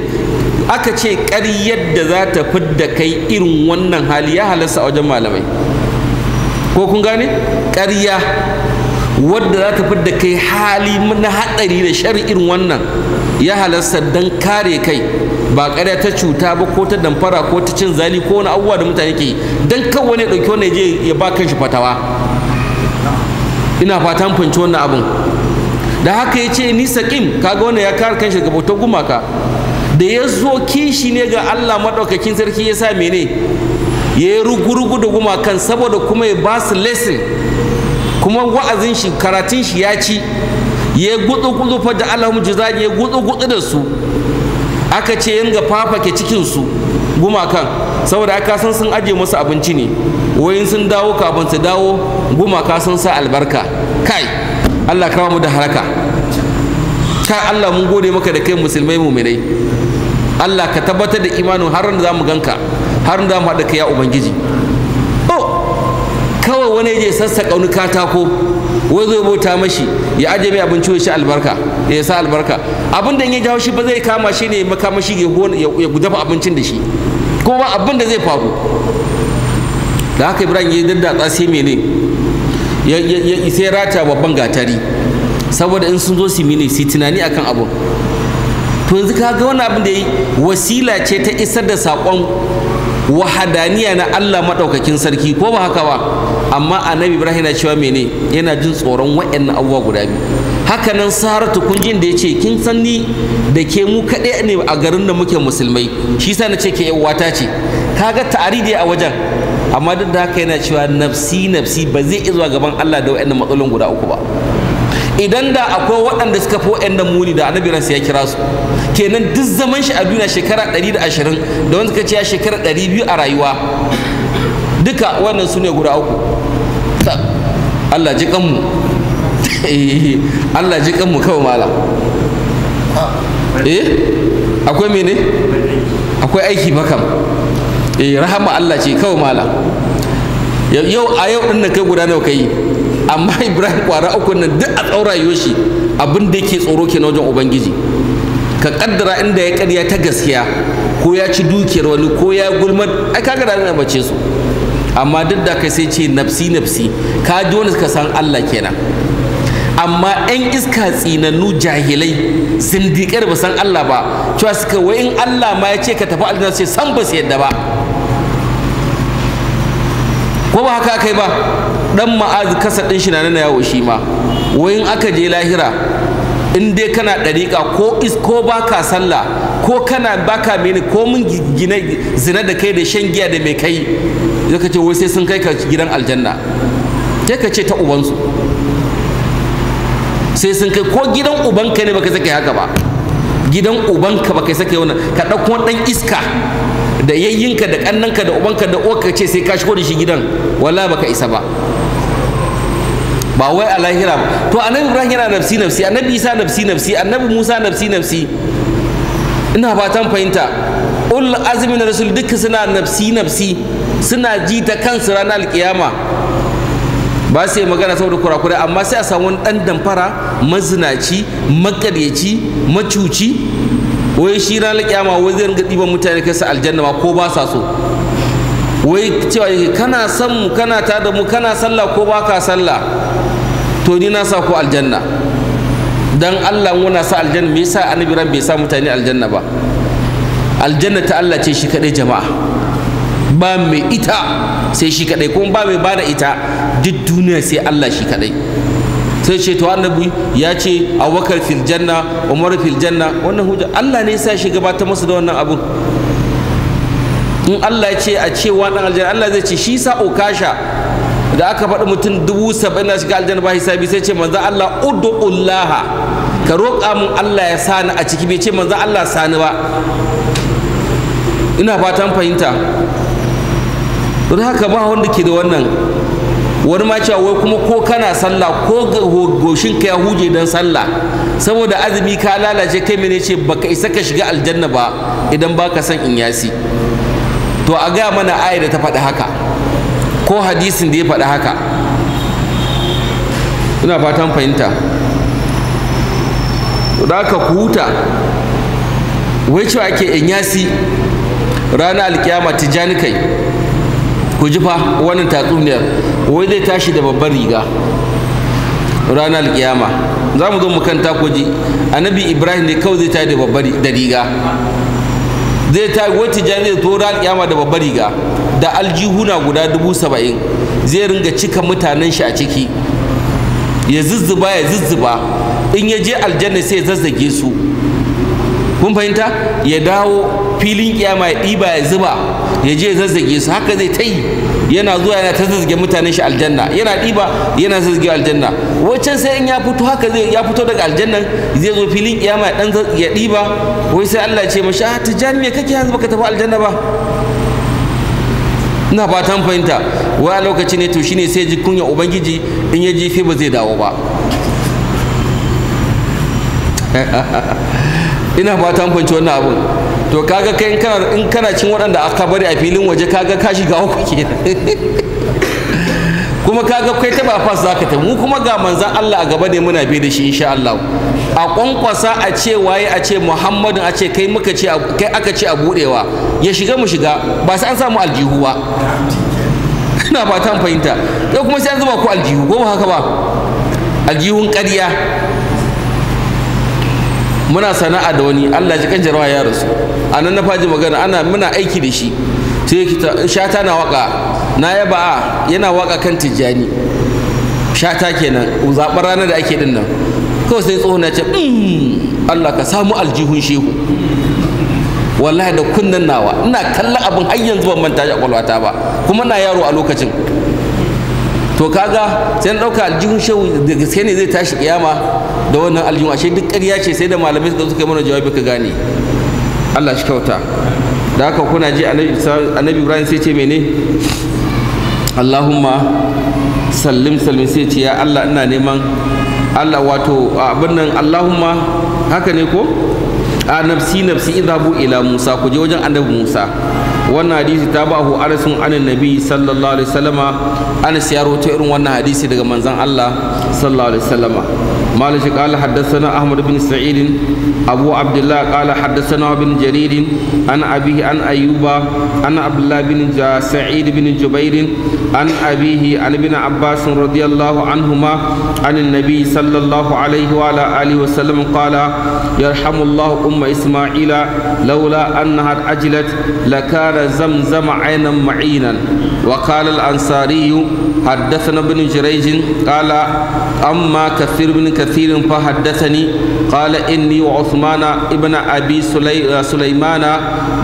aka ce ƙaryar da za ta fidda kai irin wannan hali ya halasta a wajen malamai ko kun gane ƙarya wadda za ta fidda kai hali na haɗari da shari'in wannan ya halasta don kare kai ba karya ta cuta ba ko ta damfara ko ta cin zali ko wani abubuwa da mutane ke don kan wani ɗauki wani je ya ba kanshi fatawa ina fatan fahimci wannan abin da haka ya ce ni saƙim kaga wannan ya kare kanshi daga bautar gumaka da ya zo kishi ne ga Allah maɗaukakin sarki ya sa mene ya yi rugurugu da gumakan saboda kuma ya ba su lesson kuma wa'azin shi karatun shi ya ci ya gudu gudu fa da Allahum jizani ya gudu gudu da su aka ce yanga fafake cikin su gumakan saboda aka san sun aje musu abinci ne wayin sun dawo kafin su dawo gumaka sun sa albarka kai Allah kawo mu da haraka ka Allah mun gode maka da kai musulmai muminai Allah ka tabbatar da imanin har da za mu ganka har da mu haɗa kai ya ubangiji wani ya je sassa wani katako wai zai bauta mashi ya aje mai abinci shi albarka ya sa albarka abin da ya jawo shi ba zai kama shi ne makamashi ya gudafa abincin da shi kuma ba abin da zai faru da haka ibrahim ya daddatsa sai mene ya sai rata babban gatari saboda in sun zo su mene su tunani akan abu to yanzu ka ga wani abin da ya yi wasila ce ta isar da saƙon wahadaniya na Allah maɗaukakin sarki ko ba haka ba amma annabi ibrahim na cewa mene yana jin tsoron wa'annan abubuwa guda biyu haka nan saratu kun jin da yace kin san ni da ke mu kaɗai ne a garin da muke musulmai shi sa na ce ke yan wata ce kaga taride a wajen amma duk da haka yana cewa nafsi nafsi ba zai zuwa gaban Allah da wa'annan matsalolin guda uku ba idan da akwai waɗanda suka fi waɗanda muni da annabi ransa ya kira su kenan duk zaman shi a duniya shekara 120 da wanda suka ce ya shekara 200 a rayuwa duka wannan su ne guda uku Allah ji kanmu Allah ji kanmu kawai mala eh akwai mene akwai aiki bakam eh rahama Allah ce kawai mala yau a yau din kai guda nawa kai amma ibrahim kwara uku nan duk a tsaura yoshi abin da yake tsoro ke na wajen ubangiji ka kaddara inda ya karya ta gaskiya ko ya ci dukiyar wani ko ya gulmar ai kaga da bace su amma duk da kai sai ce nafsi nafsi ka ji wani ka san Allah kenan amma yan iska tsinannu jahilai zindiƙar ba san Allah ba cewa suka wai in Allah ma ya ce ka tafi aljanna sai san ba su yadda ba ko ba haka akai ba dan ma'az kasa din shi na nana yawo shi ma wayin aka je lahira in dai kana dariƙa ko is ko baka sallah ko kana baka mini ko mun gina zina da kai da shan giya da mai kai zaka ce wai sai sun kai ka gidan aljanna sai ka ce ta ubansu sai sun kai ko gidan ubanka ne baka saka haka ba gidan ubanka baka saka wannan ka dauko dan iska da yayyinka da ƙannanka da ubanka da uwarka ce sai ka shigo da shi gidan wallahi baka isa ba ba wai a lahira ba to annabi ibrahim yana nafsi nafsi annabi isa nafsi nafsi annabi musa nafsi nafsi ina fatan fahimta ul azmin rasul duk suna nafsi nafsi suna ji ta kansu ranar alkiyama ba su magana saboda kurakurai amma sai a samu wani dan damfara mazinaci makaryaci macuci wai shi ranar alkiyama wai zai ga ɗiban mutane kai su aljanna ma ko ba sa so wai cewa kana san mu kana ta da mu kana sallah ko ba ka sallah to ni na sa ku aljanna dan Allah muna sa aljanna me yasa annabi ran bai sa mutane aljanna ba aljanna ta Allah ce shi kadai jama'a ba mai ita sai shi kadai kuma ba mai bada ita duk duniya sai Allah shi kadai sai ce to annabi ya ce wakar fil janna umar fil janna wannan hujja Allah ne sa shi gabatar masa da wannan abun in Allah ya ce a ce wa dan aljanna Allah zai ce shi sa okasha da aka faɗi mutum dubu saba'in na shiga aljanna ba hisabi sai ce manzo Allah ullaha ka roƙa mun Allah ya sani a ciki bai ce manzo Allah sani ba ina fatan fahimta don haka ba wanda ke da wannan wani ma cewa wai kuma ko kana sallah ko goshin ka ya huje don sallah saboda azumi ka lalace kai mene ce baka isa ka shiga aljanna ba idan baka son in yasi to a gaya mana ayar da ta faɗi haka ko hadisin da ya faɗi haka ina fatan fahimta da ka huta wai cewa ake in yasi ranar alkiyama tijjani kai ku ji fa wannan tatsuniyar wai zai tashi da babbar riga ranar alkiyama za mu zo mu kanta takoji ji annabi ibrahim ne kawai zai tashi da babbar riga zai tashi wai tijjani zai zo ranar alkiyama da babbar riga da aljihuna guda dubu saba'in zai ringa cika mutanen shi a ciki ya zuzzuba ya zuzzuba in ya je aljanna sai ya zazzage su kun fahimta ya dawo filin kiyama ya ɗiba ya zuba ya je ya zazzage su haka zai ta yi yana zuwa yana ta zazzage mutanen shi aljanna yana ɗiba yana zazzage aljanna waccan sai in ya fito haka zai ya fito daga aljannan zai zo filin kiyama ya ɗiba wai sai Allah ya ce mashi a ah, jami'a me kake yanzu baka tafi aljanna ba ina fatan fahimta wai a lokaci ne to shine sai ji kunya ubangiji in ya ji sai ba zai dawo ba ina fatan fahimci wannan abun to kaga kai in kana cin waɗanda aka bari a filin waje kaga ka shiga uku kenan kuma ka ga kai ta fas za ka tafi mu kuma ga manzan Allah a gaba ne muna bi da shi insha Allah a kwankwasa a ce waye a ce Muhammadu a ce kai muka ce kai aka ce a budewa ya shiga mu shiga ba sai an samu aljihu ba ina ba ta fahimta sai kuma sai an zuba ku aljihu ko ba haka ba aljihun ƙarya muna sana'a da wani Allah ji kan jarawa ya rasu a nan na faji magana ana muna aiki da shi sai shata na waka na yaba a yana waka kan tijjani shata kenan zaɓar ranar da ake dinnan kawai sai tsohon ya ce mm, Allah ka samu aljihun shehu wallahi da kunnan nawa ina kallon abin har yanzu ban manta a kwalwata ba kuma na yaro a lokacin to kaga sai na ɗauka aljihun shehu da gaske ne zai tashi kiyama da wannan aljihun ashe duk ƙarya ce sai da malamai suka suka mana jawabi ka gane Allah shi kyauta da haka kuna ji annabi Ibrahim sai ce mene Allahumma sallim sallim sai ce ya Allah ina neman Allah wato abin nan Allahumma haka ne ko a nafsi nafsi bu ila Musa ku je wajen annabi Musa wannan hadisi ta bahu arasun anin nabi sallallahu alaihi wasallama anas siyaro ta irin wannan hadisi daga manzon Allah sallallahu alaihi wasallama مالك قال حدثنا أحمد بن سعيد أبو عبد الله قال حدثنا بن جرير عن أبيه عن أيوب عن عبد الله بن سعيد بن جبير عن أبيه عن ابن عباس رضي الله عنهما عن النبي صلى الله عليه وعلى آله وسلم قال يرحم الله أم إسماعيل لولا أنها أجلت لكان زمزم عينا معينا وقال الأنصاري حدثنا بن جريج قال أما كثير من كثير كثير فحدثني قال إني وعثمان ابن أبي سلي سليمان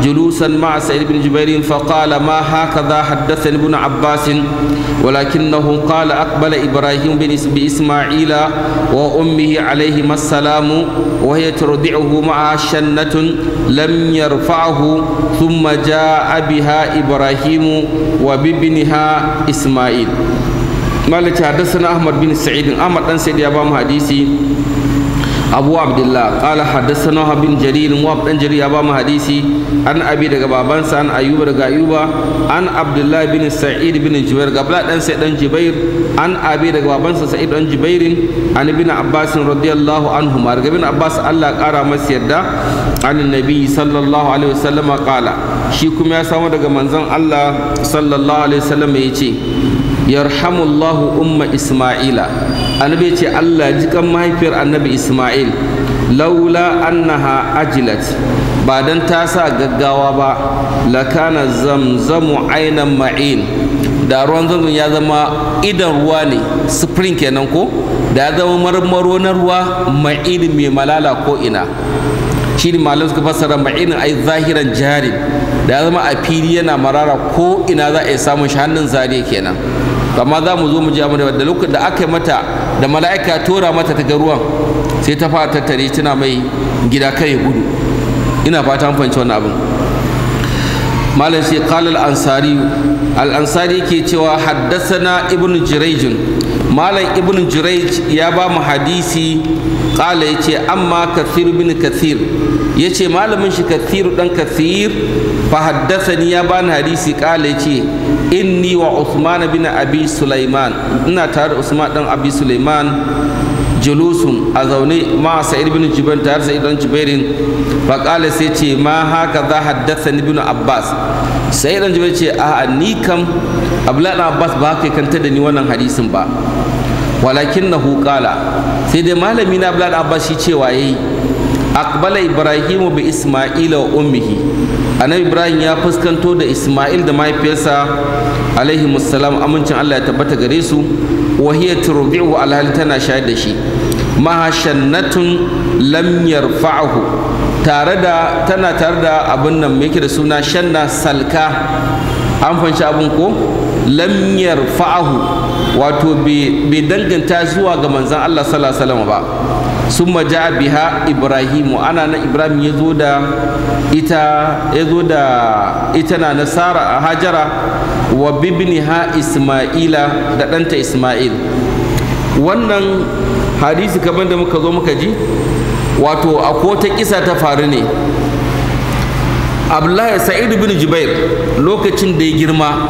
جلوسا مع سعيد بن جبير فقال ما هكذا حدثني ابن عباس ولكنه قال أقبل إبراهيم بن بإسماعيل وأمه عليهما السلام وهي ترضعه معها شنة لم يرفعه ثم جاء بها إبراهيم وبابنها إسماعيل مالك حدثنا أحمد بن سعيد أحمد بن سعيد أبام حديثي أبو عبد الله قال حدثنا بن جرير وابن بن جرير أبام حديثي عن أبي دقا بابانس عن أيوب دقا أيوبا عن عبد الله بن سعيد بن جبير قبل أن سعيد بن جبير عن أبي دقا بابانس سعيد بن جبير عن ابن عباس رضي الله عنهما ابن عباس الله قال مسيدا عن النبي صلى الله عليه وسلم قال شيكم يا سامو دقا منزل الله صلى الله عليه وسلم يجي yarhamullahu umma isma'ila annabi ce Allah ji kan mahaifiyar annabi isma'il laula annaha ajilat ba dan ta sa gaggawa ba lakana zamzamu ainan ma'in da ruwan zamzam ya zama idan ruwa ne spring kenan ko da ya zama marmaro na ruwa ma'in mai malala ko ina shi ne malam suka fassara ma'in ai zahiran jarin da ya zama a fili yana marara ko ina za a yi samun shi hannun zare kenan amma za mu zo mu ji amma da lokacin da aka yi mata da mala'ika tora mata ta ga ruwan sai ta fara tattare tana mai gida kai gudu ina fata an fahimci wannan abin malam sai qala al-ansari al ke cewa haddasana ibn jirajin malam ibnu jiraij ya ba mu hadisi ya ce amma kathir bin kathir yace malamin shi kathir dan kathir fa haddasani ya bani hadisi qala ce inni wa usman bin abi sulaiman ina tare da usman dan abi sulaiman julusun a zaune ma sa'ir bin jubair tare sa'id ibn jubairin fa qala sai ce ma haka za ni bin abbas sai ibn jubair ce a ni kam abdullahi abbas ba haka kanta da ni wannan hadisin ba walakin na hukala sai dai malami na abdullahi abbas shi cewa yayi Akbala ibrahimu bi isma'ila wa ummihi annabi ibrahim ya fuskanto da isma'il da mahaifiyarsa alaihi musallam amincin Allah ya tabbata gare su wa hiya wa alhal tana shayar da shi mahashannatun lamyar fa'ahu tare da tana tare da abin nan mai yake da suna shanna salka an fanci abin ko lamyar fa'ahu wato bai danganta zuwa ga manzan Allah sallallahu ba summa ja'a biha ibrahimu ana na ibrahim ya zo da ita ya zo da ita na nasara a hajara wa ha isma'ila da ɗanta isma'il wannan hadisi kamar da muka zo muka ji wato a kota kisa ta faru ne abdullahi Sa'idu bin jubair lokacin da ya girma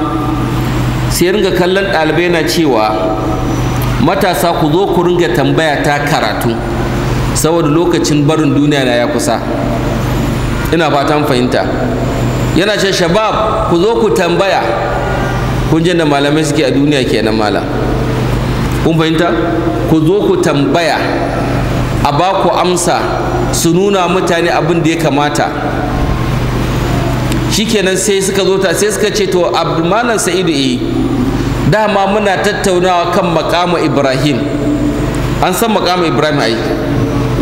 sai ringa kallon ɗalibai na cewa matasa ku zo ku ringa tambaya ta karatu saboda lokacin barin duniya na ya kusa ina fatan fahimta yana ce shabab ku zo ku tambaya kun da malamai suke a duniya ke kenan malam kun fahimta ku zo ku tambaya a ba ku amsa su nuna mutane abin da ya kamata shikenan sai suka zo ta sai suka ce to abdulmanan sa'idu eh dama muna tattaunawa kan makamu ibrahim an san makamu ibrahim ai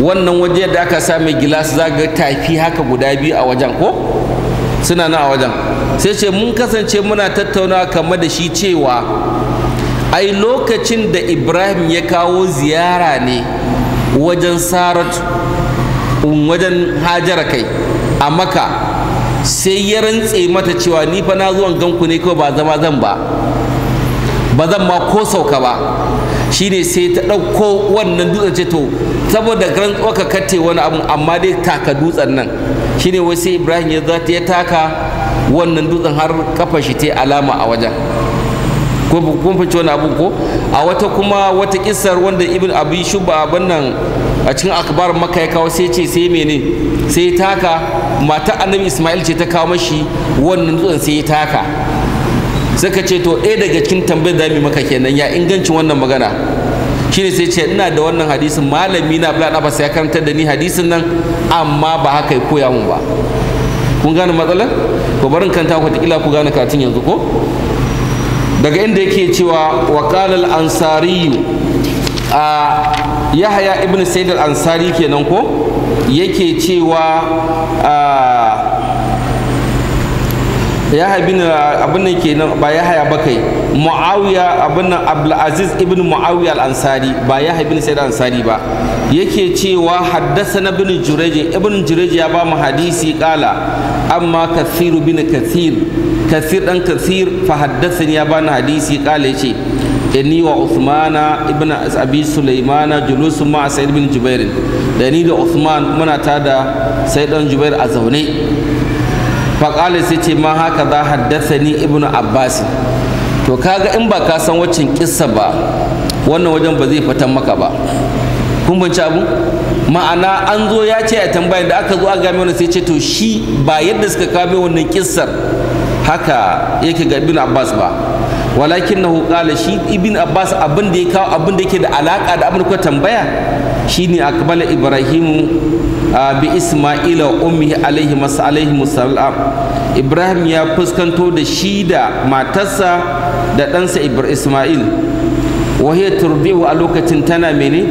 wannan waje da aka sa mai gilas za ga tafi haka guda biyu a wajen ko suna nan a wajen sai ce mun kasance muna tattaunawa kamar da shi cewa ai lokacin da ibrahim ya kawo ziyara ne wajen saratu um, wajen hajara kai a maka sai ya rantse mata cewa ni fa na zuwan ganku ne kawai ba zama zan ba ba zan ma ko sauka ba shine sai ta ɗauko wannan dutsen ce to saboda garin tsoka katte wani abu amma dai taka dutsen nan shine wai sai ibrahim ya zata ya taka wannan dutsen har kafa shi ta alama a wajen ko kun fice wani abu ko a wata kuma wata kisar wanda ibn abi shuba bannan a cikin akbar makka ya kawo sai ce sai mene sai ya taka mata annabi isma'il ce ta kawo mashi wannan dutsen sai ya taka suka ce to ɗaya daga cikin tambayar da maka kenan ya ingancin wannan magana shine sai ce ina da wannan hadisin malami na Abdullahi Abbas ya karantar da ni hadisin nan amma ba haka ya koya mun ba kun gane matsalar ko barin kanta ku ta ku gane katin yanzu ko daga inda yake cewa wakalal ansariyu a yahaya ibn sayyid al-ansari kenan ko yake cewa a ya haibin uh, abin nan kenan ba ya haya bakai muawiya abin nan abdulaziz ibn muawiya al-ansari ba ya haibin sai da ansari ba yake cewa haddasa na bin jureji ibn jureji ya ba mu hadisi kala amma kathiru bin kathir kathir dan kathir fa haddasa ya ba ni hadisi kala yace inni wa uthmana ibn abi sulaimana julusun ma sa'id bin jubair da ni da Usman, muna tada sai dan jubair a zaune faƙalis sai ce ma haka za haddasa ni ibnu abbas to kaga in ba ka san waccan kissa ba wannan wajen ba zai fitan maka ba kun binci abu ma'ana an zo ya ce a tambayin da aka zo a game wani sai ce to shi ba yadda suka kawo wannan kisar haka yake ga ibn abbas ba walakin na hukala shi ibn abbas abin da ya kawo abin da yake da alaka da abin da tambaya shine akbala ibrahimu Ah, bi isma'ila ummihi alaihi masu alaihi musallam ibrahim ya fuskanto da shi da matarsa da ɗansa isma'il wahiyar turdi'u a lokacin tana mene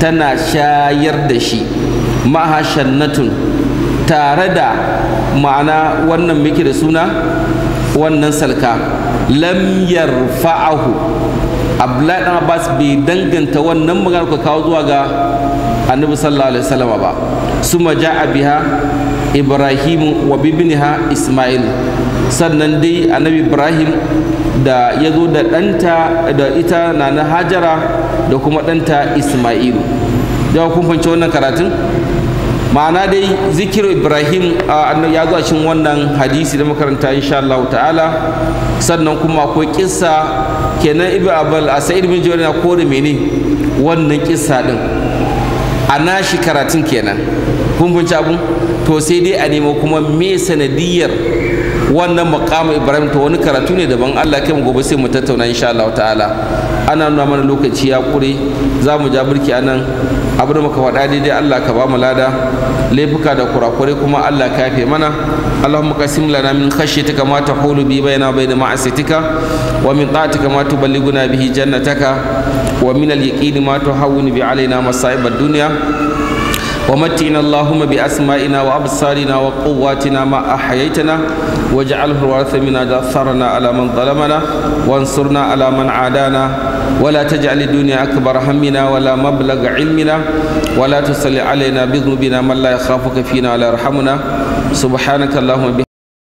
tana shayar da shi maha shannatun tare da ma'ana wannan muke da suna wannan salka lamyar yarfa'ahu abdullahi dan abbas bai danganta wannan magana ka kawo zuwa ga annabi sallallahu alaihi wasallam ba suma ja'a biha ibrahim wa bibniha isma'il sannan dai annabi ibrahim da ya zo da ɗanta da ita na na hajara da kuma ɗanta isma'il da kun fahimci wannan karatun ma'ana dai zikir ibrahim ya zo a cikin wannan hadisi da makaranta insha Allah ta'ala sannan kuma akwai kissa kenan ibn abul asaid bin jawari na kore mene wannan kissa din a nashi karatun kenan kumbunci abu to sai dai a nemo kuma me sanadiyar wannan makamu ibrahim to wani karatu ne daban allah kai mu gobe sai mu tattauna insha allah ta'ala ana nuna mana lokaci ya kure za mu ja birki nan abin da muka faɗa daidai allah ka ba mu lada laifuka da kurakurai kuma allah ka yafe mana kashe ta لنا من خشيتك ما تحول بي بيننا وبين معصيتك ومن طاعتك ما تبلغنا bihi jannataka. ومن اليقين ما تهون بعلينا مصائب الدنيا ومتعنا اللهم بأسمائنا وأبصارنا وقواتنا ما أحييتنا واجعله الوارث منا جثرنا على من ظلمنا وانصرنا على من عادانا ولا تجعل الدنيا أكبر همنا ولا مبلغ علمنا ولا تسل علينا بذنوبنا من لا يخافك فينا ولا يرحمنا سبحانك اللهم